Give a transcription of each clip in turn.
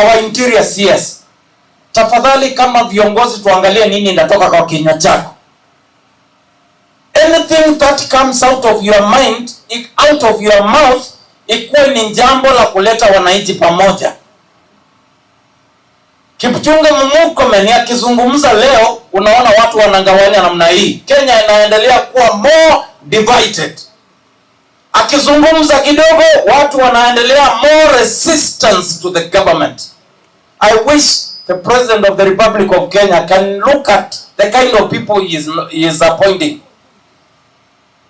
our interior CS. Tafadhali kama viongozi tuangalie nini inatoka kwa kinywa chako. Anything that comes out of your mind, out of your mouth ikuwe ni jambo la kuleta wananchi pamoja. Kipchumba Murkomen akizungumza leo, unaona watu wanangawania namna hii. Kenya inaendelea kuwa more divided akizungumza kidogo, watu wanaendelea more resistance to the government. I wish the president of the Republic of Kenya can look at the kind of people he is, he is appointing,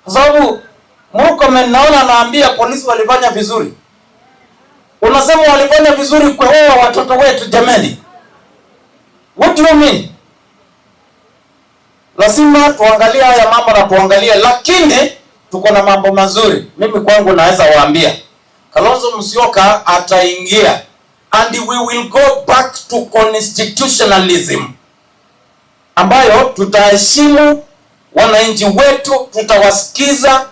kwa sababu Murkomen naona anaambia polisi walifanya vizuri. Unasema walifanya vizuri kwewewa watoto wetu, jameni what do you mean? Lazima tuangalie haya mambo na tuangalie, lakini tuko na mambo mazuri. Mimi kwangu naweza waambia Kalonzo Musyoka ataingia and we will go back to constitutionalism ambayo tutaheshimu wananchi wetu, tutawasikiza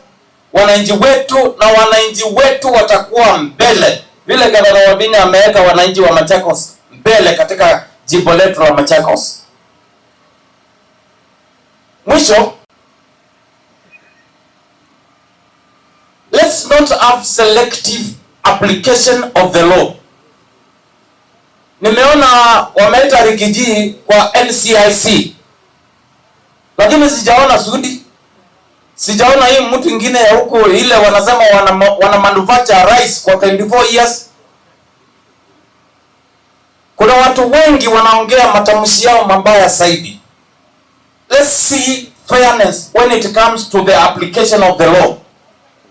wananchi wetu na wananchi wetu watakuwa mbele, vile Gavana Wabini ameweka wananchi wa Machakos mbele katika jimbo letu la Machakos. Mwisho don't have selective application of the law. Nimeona wameleta rigiji kwa NCIC, lakini sijaona Sudi, sijaona hii mtu ingine ya huko ile wanasema wana, wana manufacture rice kwa 24 years. Kuna watu wengi wanaongea matamshi yao mabaya zaidi. Let's see fairness when it comes to the application of the law.